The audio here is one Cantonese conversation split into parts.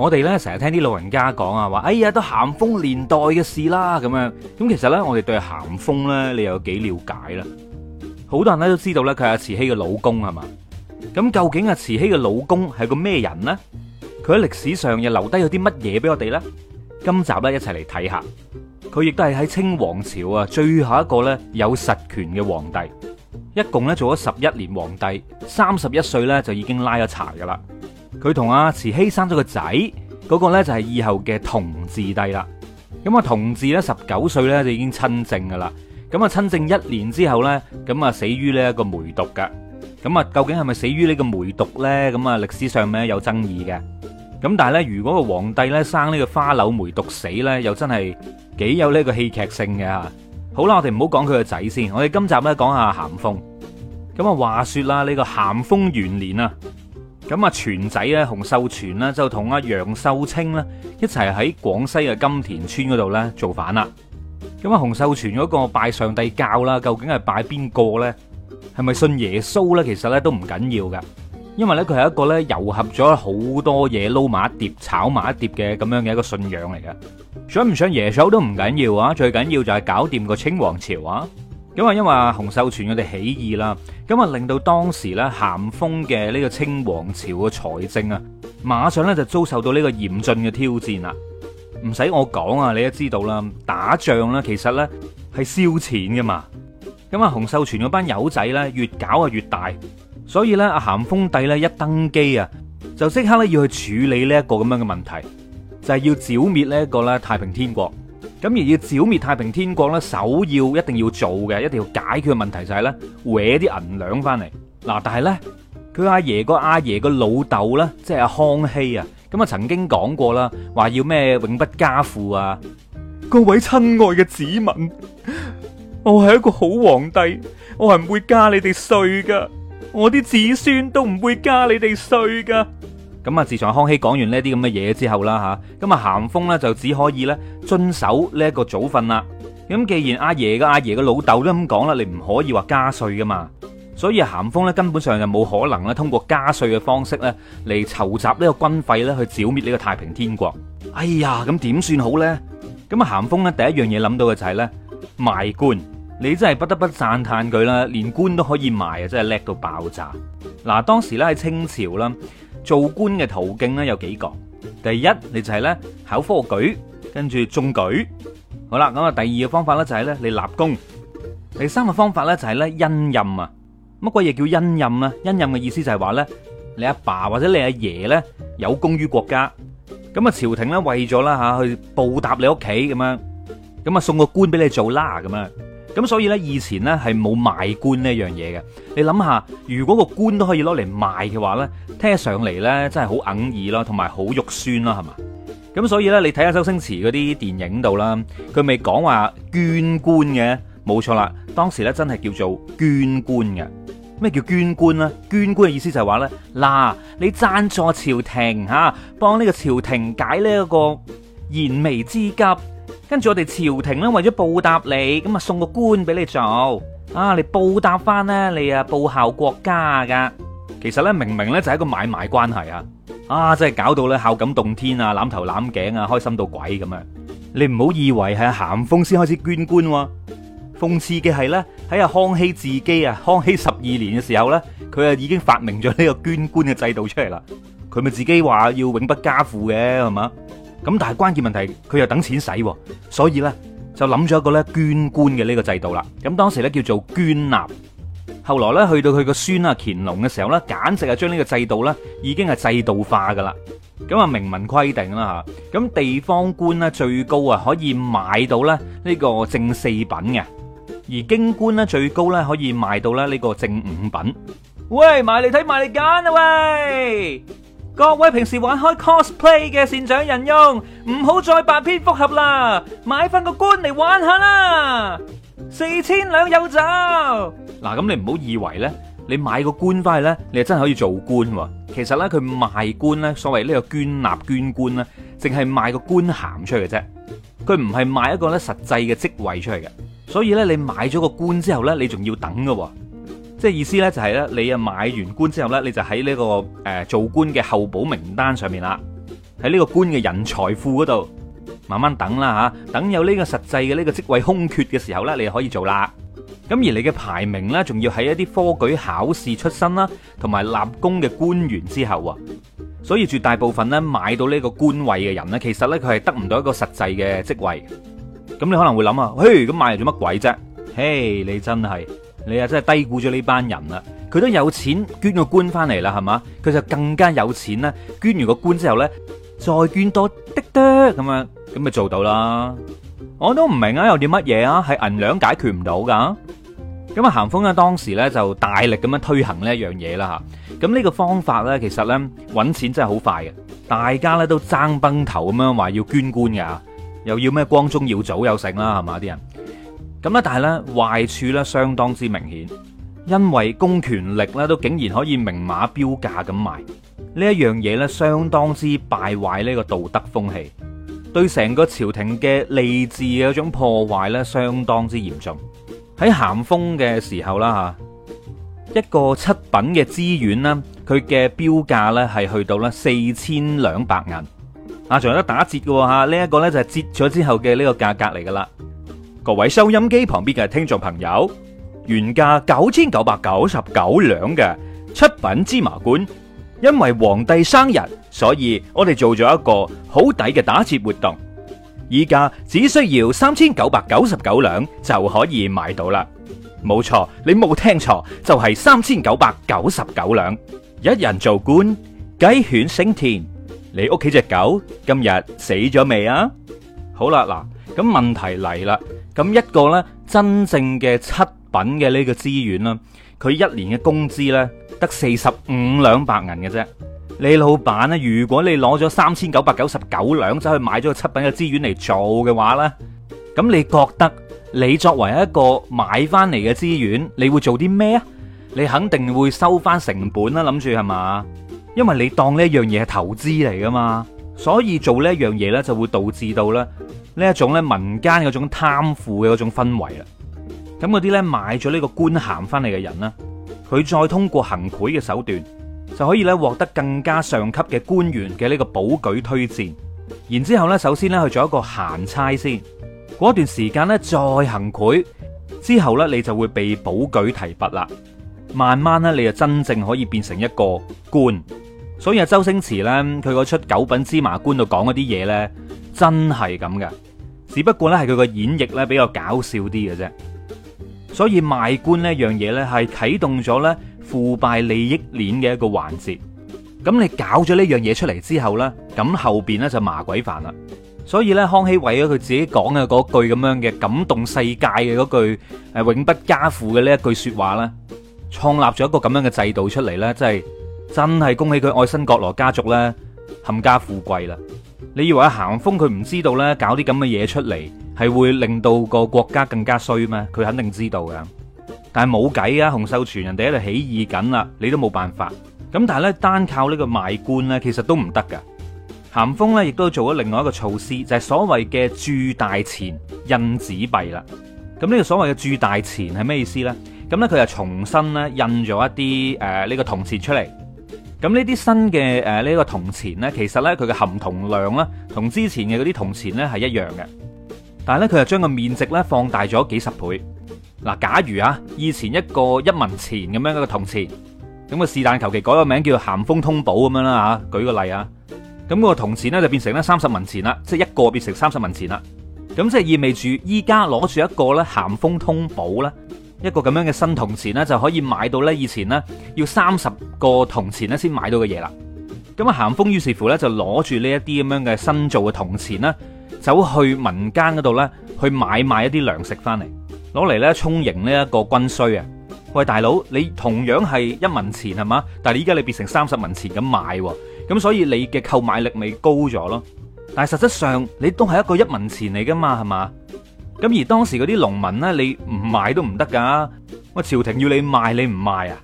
我哋咧成日聽啲老人家講啊，話哎呀都咸豐年代嘅事啦，咁樣咁其實咧，我哋對咸豐咧，你有幾了解咧？好多人咧都知道咧，佢係慈禧嘅老公係嘛？咁究竟阿慈禧嘅老公係個咩人呢？佢喺歷史上又留低咗啲乜嘢俾我哋呢？今集咧一齊嚟睇下，佢亦都係喺清王朝啊最後一個咧有實權嘅皇帝，一共咧做咗十一年皇帝，三十一歲咧就已經拉咗柴噶啦。佢同阿慈禧生咗個仔，嗰個呢就係以後嘅同治帝啦。咁啊，同治呢，十九歲呢就已經親政噶啦。咁啊，親政一年之後呢，咁啊死於呢一個梅毒噶。咁啊，究竟係咪死於呢個梅毒呢？咁啊，歷史上面有爭議嘅。咁但係呢，如果個皇帝呢生呢個花柳梅毒死呢，又真係幾有呢個戲劇性嘅吓。好啦，我哋唔好講佢個仔先，我哋今集呢講下咸豐。咁啊，話說啦，呢個咸豐元年啊。咁啊，全仔咧，洪秀全啦，就同阿楊秀清啦，一齊喺廣西嘅金田村嗰度咧造反啦。咁啊，洪秀全嗰個拜上帝教啦，究竟係拜邊個咧？係咪信耶穌咧？其實咧都唔緊要噶，因為咧佢係一個咧糅合咗好多嘢撈埋一碟炒埋一碟嘅咁樣嘅一個信仰嚟嘅。想唔想耶穌都唔緊要啊，最緊要就係搞掂個清王朝啊！咁啊，因為洪秀全佢哋起義啦，咁啊令到當時咧咸豐嘅呢個清王朝嘅財政啊，馬上咧就遭受到呢個嚴峻嘅挑戰啦。唔使我講啊，你都知道啦，打仗咧其實咧係燒錢噶嘛。咁啊，洪秀全嗰班友仔咧越搞啊越大，所以咧阿咸豐帝咧一登基啊，就即刻咧要去處理呢一個咁樣嘅問題，就係要剿滅呢一個咧太平天國。咁而要剿滅太平天國咧，首要一定要做嘅，一定要解決嘅問題就係咧，搵啲銀兩翻嚟。嗱，但係咧，佢阿爺個阿爺個老豆咧，即係阿康熙啊，咁啊曾經講過啦，話要咩永不加賦啊。各位親愛嘅子民，我係一個好皇帝，我係唔會加你哋稅噶，我啲子孫都唔會加你哋稅噶。咁啊！自從康熙講完呢啲咁嘅嘢之後啦，吓，咁啊，咸豐咧就只可以咧遵守呢一個祖訓啦。咁既然阿爺嘅阿爺嘅老豆都咁講啦，你唔可以話加稅㗎嘛。所以咸豐咧根本上就冇可能咧通過加稅嘅方式咧嚟籌集呢個軍費咧去剿滅呢個太平天國。哎呀，咁點算好咧？咁啊，咸豐咧第一樣嘢諗到嘅就係咧賣官。你真係不得不讚歎佢啦，連官都可以賣啊，真係叻到爆炸。嗱，當時咧喺清朝啦。做官嘅途徑咧有幾個，第一你就係咧考科舉，跟住中舉。好啦，咁啊第二個方法咧就係咧你立功，第三個方法咧就係咧恩任啊，乜鬼嘢叫恩任啊？恩任嘅意思就係話咧你阿爸或者你阿爺咧有功於國家，咁啊朝廷咧為咗啦吓去報答你屋企咁樣，咁啊送個官俾你做啦咁啊。咁所以呢，以前呢係冇賣官呢樣嘢嘅。你諗下，如果個官都可以攞嚟賣嘅話呢，聽起上嚟呢真係好哽耳咯，同埋好肉酸啦，係嘛？咁所以呢，你睇下周星馳嗰啲電影度啦，佢咪講話捐官嘅，冇錯啦。當時呢真係叫做捐官嘅。咩叫捐官呢？捐官嘅意思就係話呢：啊「嗱，你贊助朝廷吓，幫、啊、呢個朝廷解呢一個燃眉之急。跟住我哋朝廷咧，為咗報答你，咁啊送個官俾你做啊，你報答翻咧，你啊報效國家噶。其實咧，明明咧就係一個買賣關係啊！啊，真係搞到咧孝感動天啊，攬頭攬頸啊，開心到鬼咁啊！你唔好以為係咸豐先開始捐官，啊，諷刺嘅係咧，喺阿康熙自己啊，康熙十二年嘅時候咧，佢啊已經發明咗呢個捐官嘅制度出嚟啦。佢咪自己話要永不加賦嘅係嘛？咁但係關鍵問題，佢又等錢使，所以呢就諗咗一個咧捐官嘅呢個制度啦。咁當時呢叫做捐納，後來呢去到佢個孫啊乾隆嘅時候呢，簡直係將呢個制度呢已經係制度化噶啦。咁啊明文規定啦吓，咁地方官呢最高啊可以買到咧呢個正四品嘅，而京官呢最高呢可以買到咧呢個正五品。喂，買嚟睇，買嚟揀啊喂！各位平時玩開 cosplay 嘅善長人用，唔好再扮蝙蝠俠啦，買翻個官嚟玩下啦，四千兩有就。嗱，咁你唔好以為呢，你買個官翻去呢，你係真係可以做官啊。其實呢，佢賣官呢，所謂呢個捐納捐官呢，淨係賣個官銜出去嘅啫，佢唔係賣一個呢實際嘅職位出去嘅。所以呢，你買咗個官之後呢，你仲要等噶啊。即係意思咧，就係、是、咧，你啊買完官之後咧，你就喺呢、這個誒、呃、做官嘅候補名單上面啦，喺呢個官嘅人財庫嗰度慢慢等啦吓，等有呢個實際嘅呢個職位空缺嘅時候咧，你就可以做啦。咁而你嘅排名咧，仲要喺一啲科舉考試出身啦，同埋立功嘅官員之後啊，所以絕大部分咧買到呢個官位嘅人咧，其實咧佢係得唔到一個實際嘅職位。咁你可能會諗啊，嘿，咁買嚟做乜鬼啫？嘿，你真係。你啊，真係低估咗呢班人啦！佢都有錢捐個官翻嚟啦，係嘛？佢就更加有錢啦！捐完個官之後咧，再捐多啲啲咁樣，咁咪做到啦！我都唔明啊，有啲乜嘢啊，係銀兩解決唔到噶？咁啊，咸豐咧當時咧就大力咁樣推行呢一樣嘢啦吓。咁呢個方法咧，其實咧搵錢真係好快嘅。大家咧都爭崩頭咁樣話要捐官噶，又要咩光宗耀祖又成啦，係嘛啲人。咁咧，但係咧壞處咧相當之明顯，因為公權力咧都竟然可以明碼標價咁賣，呢一樣嘢咧相當之敗壞呢個道德風氣，對成個朝廷嘅吏治有一種破壞咧相當之嚴重。喺咸豐嘅時候啦吓，一個七品嘅知縣咧，佢嘅標價咧係去到咧四千兩百銀，啊仲有得打折嘅吓，呢、這、一個咧就係折咗之後嘅呢個價格嚟噶啦。各位收音機旁邊嘅聽眾朋友，原價九千九百九十九兩嘅七品芝麻官，因為皇帝生日，所以我哋做咗一個好抵嘅打折活動，依家只需要三千九百九十九兩就可以買到啦。冇錯，你冇聽錯，就係三千九百九十九兩。一人做官，雞犬升天。你屋企隻狗今日死咗未啊？好啦，嗱。咁問題嚟啦，咁一個呢，真正嘅七品嘅呢個資源啦，佢一年嘅工資呢，得四十五兩白銀嘅啫。你老闆呢，如果你攞咗三千九百九十九兩走去買咗個七品嘅資源嚟做嘅話呢，咁你覺得你作為一個買翻嚟嘅資源，你會做啲咩啊？你肯定會收翻成本啦、啊，諗住係嘛？因為你當呢一樣嘢係投資嚟噶嘛，所以做呢一樣嘢呢，就會導致到呢。呢一種咧民間嗰種貪腐嘅嗰種氛圍啦，咁嗰啲咧買咗呢個官銜翻嚟嘅人啦，佢再通過行賄嘅手段，就可以咧獲得更加上級嘅官員嘅呢個保舉推薦，然之後咧首先咧去做一個閒差先，嗰段時間咧再行賄之後呢，你就會被保舉提拔啦，慢慢呢，你就真正可以變成一個官，所以阿周星馳呢，佢嗰出《九品芝麻官》度講嗰啲嘢呢。真係咁嘅，只不過咧係佢個演繹咧比較搞笑啲嘅啫。所以賣官呢樣嘢咧係啟動咗咧腐敗利益鏈嘅一個環節。咁你搞咗呢樣嘢出嚟之後咧，咁後邊咧就麻鬼煩啦。所以咧，康熙為咗佢自己講嘅嗰句咁樣嘅感動世界嘅嗰句永不加賦嘅呢一句說話呢，創立咗一個咁樣嘅制度出嚟呢，就是，真係真係恭喜佢愛新覺羅家族呢冚家富貴啦！你以為阿咸豐佢唔知道呢？搞啲咁嘅嘢出嚟係會令到個國家更加衰咩？佢肯定知道噶，但係冇計啊！洪秀全人哋喺度起義緊啦，你都冇辦法。咁但係咧，單靠呢個賣官呢，其實都唔得噶。咸豐呢，亦都做咗另外一個措施，就係所謂嘅鑄大錢、印紙幣啦。咁呢個所謂嘅鑄大錢係咩意思呢？咁呢，佢就重新咧印咗一啲誒呢個銅錢出嚟。咁呢啲新嘅誒呢個銅錢呢，其實呢，佢嘅含銅量呢，同之前嘅嗰啲銅錢呢係一樣嘅，但係呢，佢就將個面值呢放大咗幾十倍。嗱，假如啊，以前一個一文錢咁樣嘅個銅錢，咁個是但求其改個名叫做咸豐通寶咁樣啦嚇，舉個例啊，咁個銅錢呢，就變成咧三十文錢啦，即係一個變成三十文錢啦，咁即係意味住依家攞住一個咧咸豐通寶啦。一個咁樣嘅新銅錢咧，就可以買到咧以前咧要三十個銅錢咧先買到嘅嘢啦。咁啊，咸豐於是乎咧就攞住呢一啲咁樣嘅新造嘅銅錢咧，走去民間嗰度呢去買賣一啲糧食翻嚟，攞嚟呢充盈呢一個軍需啊。喂，大佬，你同樣係一文錢係嘛？但係你依家你變成三十文錢咁買，咁所以你嘅購買力咪高咗咯？但係實質上你都係一個一文錢嚟噶嘛，係嘛？咁而當時嗰啲農民呢，你唔賣都唔得噶。喂，朝廷要你賣，你唔賣啊！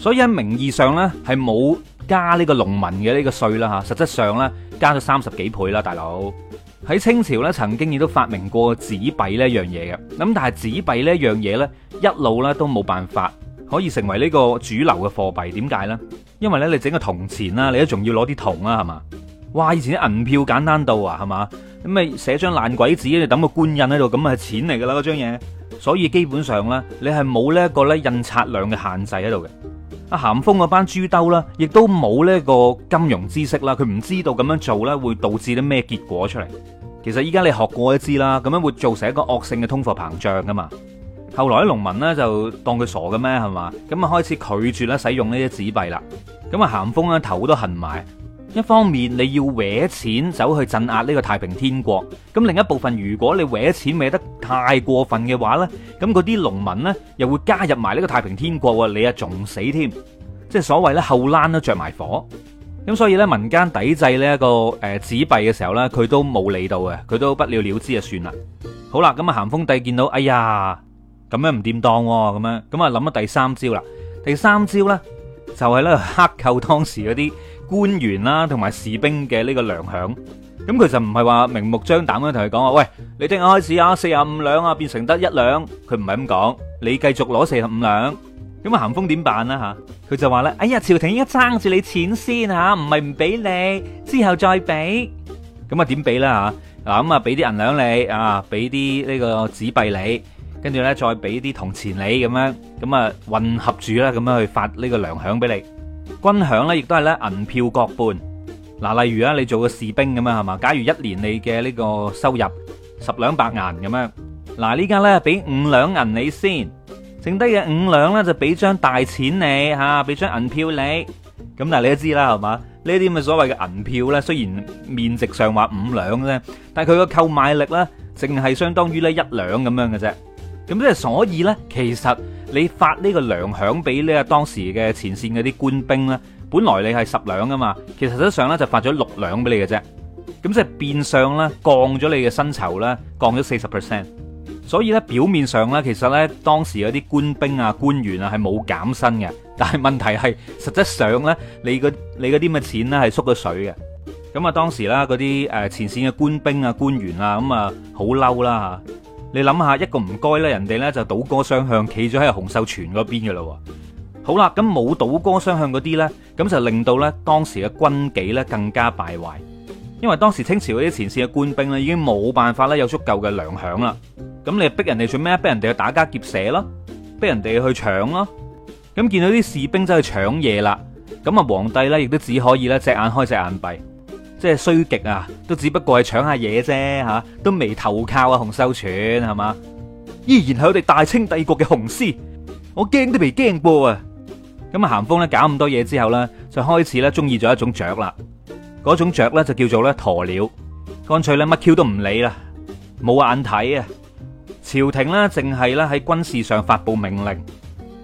所以喺名義上呢，係冇加呢個農民嘅呢個稅啦嚇。實質上呢，加咗三十幾倍啦，大佬。喺清朝呢，曾經亦都發明過紙幣呢一樣嘢嘅。咁但係紙幣呢一樣嘢呢，一路呢都冇辦法可以成為呢個主流嘅貨幣。點解呢？因為呢，你整個銅錢啦，你都仲要攞啲銅啊，係嘛？哇！以前啲銀票簡單到啊，係嘛，咁咪寫張爛鬼紙，你等個官印喺度，咁啊係錢嚟噶啦嗰張嘢。所以基本上咧，你係冇呢一個咧印刷量嘅限制喺度嘅。阿咸豐嗰班豬兜啦，亦都冇呢一個金融知識啦，佢唔知道咁樣做咧會導致啲咩結果出嚟。其實依家你學過一知啦，咁樣會造成一個惡性嘅通貨膨脹噶嘛。後來啲農民咧就當佢傻嘅咩，係嘛，咁啊開始拒絕咧使用呢啲紙幣啦。咁啊咸豐咧頭都痕埋。一方面你要搲錢走去鎮壓呢個太平天國；咁另一部分如果你搲錢搲得太過分嘅話呢咁嗰啲農民呢，又會加入埋呢個太平天國喎，你啊仲死添，即係所謂呢後欄都着埋火，咁所以呢，民間抵制呢一個誒紙幣嘅時候呢，佢都冇理到嘅，佢都不了了之就算啦。好啦，咁啊咸豐帝見到，哎呀，咁樣唔掂當喎，哦，咁樣，咁啊諗咗第三招啦，第三招呢。就係咧，剋扣當時嗰啲官員啦，同埋士兵嘅呢個糧餉，咁佢就唔係話明目張膽咁樣同佢講話，喂，你聽日開始啊四十五兩啊變成得一兩，佢唔係咁講，你繼續攞四十五兩，咁啊咸豐點辦啦吓？佢就話咧，哎呀朝廷一爭住你錢先吓，唔係唔俾你，之後再俾，咁啊點俾啦吓？啊咁啊俾啲銀兩你啊，俾啲呢個紙幣你。跟住咧，再俾啲銅錢你咁樣，咁啊混合住咧，咁樣去發呢個糧餉俾你。軍餉咧，亦都係咧銀票各半嗱。例如啊，你做個士兵咁樣係嘛？假如一年你嘅呢個收入十兩白銀咁樣嗱，呢家咧俾五兩銀你先，剩低嘅五兩咧就俾張大錢你嚇，俾張銀票你咁。但係你都知啦係嘛？呢啲咁嘅所謂嘅銀票咧，雖然面值上話五兩啫，但係佢嘅購買力咧，淨係相當於咧一兩咁樣嘅啫。咁即係所以呢，其實你發呢個糧餉俾呢個當時嘅前線嗰啲官兵呢，本來你係十兩啊嘛，其實實質上呢就發咗六兩俾你嘅啫。咁即係變相呢，降咗你嘅薪酬呢，降咗四十 percent。所以呢，表面上呢，其實呢，當時嗰啲官兵啊、官員啊係冇減薪嘅，但係問題係實質上呢，你你嗰啲嘅錢呢係縮咗水嘅。咁啊，當時啦嗰啲誒前線嘅官兵啊、官員啊，咁、嗯、啊好嬲、啊嗯啊、啦你諗下，一個唔該咧，人哋咧就倒戈相向，企咗喺洪秀全嗰邊嘅啦。好啦，咁冇倒戈相向嗰啲呢，咁就令到呢當時嘅軍紀呢更加敗壞，因為當時清朝嗰啲前線嘅官兵呢已經冇辦法咧有足夠嘅糧餉啦。咁你逼人哋做咩？逼人哋去打家劫舍咯，逼人哋去搶咯。咁見到啲士兵真係搶嘢啦，咁啊皇帝呢，亦都只可以呢隻眼開隻眼閉。即係衰極啊，都只不過係搶下嘢啫吓，都未投靠啊洪秀全係嘛？依然係我哋大清帝國嘅雄獅，我驚都未驚過啊！咁啊，咸豐咧搞咁多嘢之後咧，就開始咧中意咗一種雀啦，嗰種雀咧就叫做咧鴕鳥，乾脆咧乜 Q 都唔理啦，冇眼睇啊！朝廷呢，淨係咧喺軍事上發布命令，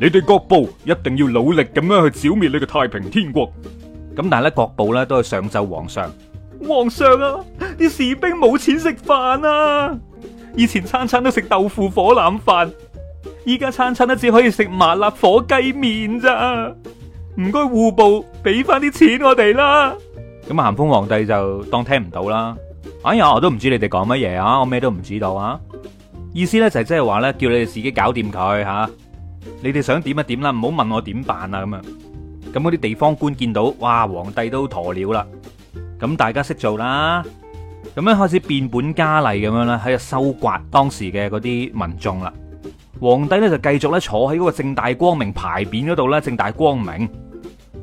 你哋各部一定要努力咁樣去剿滅你個太平天國。咁但係咧各部咧都係上奏皇上。皇上啊，啲士兵冇錢食飯啊！以前餐餐都食豆腐火腩飯，依家，餐餐都只可以食麻辣火雞麵咋？唔該戶部俾翻啲錢我哋啦。咁啊，咸豐皇帝就當聽唔到啦。哎呀，我都唔知你哋講乜嘢啊，我咩都唔知道啊。意思咧就係即係話咧，叫你哋自己搞掂佢吓，你哋想點啊點啦，唔好問我點辦啊咁啊。咁嗰啲地方官見到，哇，皇帝都鴕鳥啦。咁大家識做啦，咁樣開始變本加厲咁樣咧，喺度收刮當時嘅嗰啲民眾啦。皇帝咧就繼續咧坐喺嗰個正大光明牌匾嗰度咧，正大光明，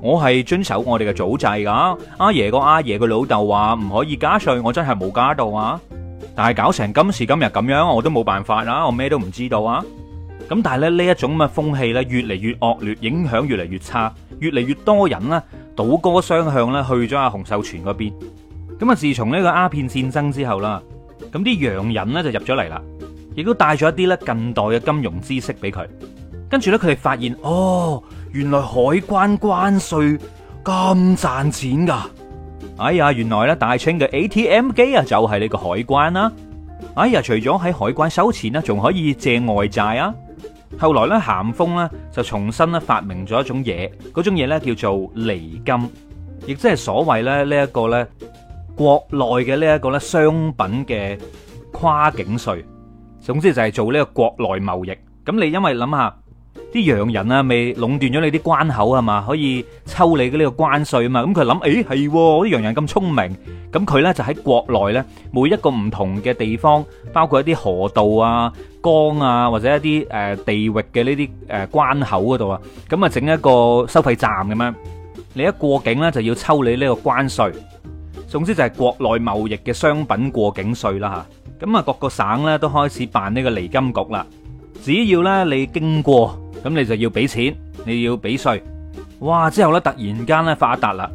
我係遵守我哋嘅祖制噶。阿爺個阿爺嘅老豆話唔可以加稅，我真係冇加到啊。但係搞成今時今日咁樣，我都冇辦法啦，我咩都唔知道啊。咁但係咧，呢一種乜風氣咧，越嚟越惡劣，影響越嚟越差，越嚟越多人啦。倒戈雙向咧去咗阿洪秀全嗰邊，咁啊自從呢個鴉片戰爭之後啦，咁啲洋人咧就入咗嚟啦，亦都帶咗一啲咧近代嘅金融知識俾佢，跟住咧佢哋發現哦，原來海關關稅咁賺錢噶，哎呀，原來咧大清嘅 ATM 機啊就係呢個海關啦，哎呀，除咗喺海關收錢啦，仲可以借外債啊！後來咧，咸豐咧就重新咧發明咗一種嘢，嗰種嘢咧叫做釐金，亦即係所謂咧呢一個咧國內嘅呢一個咧商品嘅跨境稅。總之就係做呢個國內貿易。咁你因為諗下。啲洋人啊，未壟斷咗你啲關口係嘛？可以抽你嘅呢個關稅啊嘛。咁佢諗，誒係喎，啲洋人咁聰明，咁佢咧就喺國內咧每一個唔同嘅地方，包括一啲河道啊、江啊，或者一啲誒地域嘅呢啲誒關口嗰度啊，咁啊整一個收費站咁樣。你一過境咧就要抽你呢個關稅。總之就係國內貿易嘅商品過境稅啦嚇。咁啊，各個省咧都開始辦呢個釐金局啦。只要咧你經過。咁你就要俾錢，你要俾稅，哇！之後呢，突然間咧發達啦，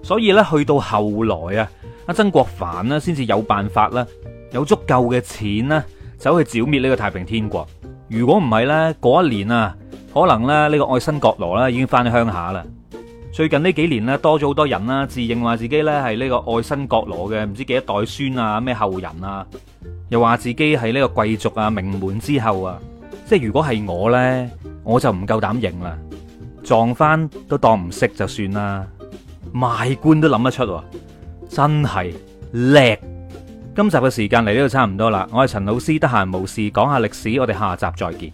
所以呢，去到後來啊，阿曾國藩咧先至有辦法啦，有足夠嘅錢呢走去剿滅呢個太平天國。如果唔係呢，嗰一年啊，可能呢，呢個愛新覺羅啦已經翻去鄉下啦。最近呢幾年呢，多咗好多人啦，自認話自己呢係呢個愛新覺羅嘅，唔知幾多代孫啊，咩後人啊，又話自己係呢個貴族啊，名門之後啊，即係如果係我呢。我就唔夠膽認啦，撞翻都當唔識就算啦，賣官都諗得出，真係叻。今集嘅時間嚟到呢度差唔多啦，我係陳老師，得閒無事講下歷史，我哋下集再見。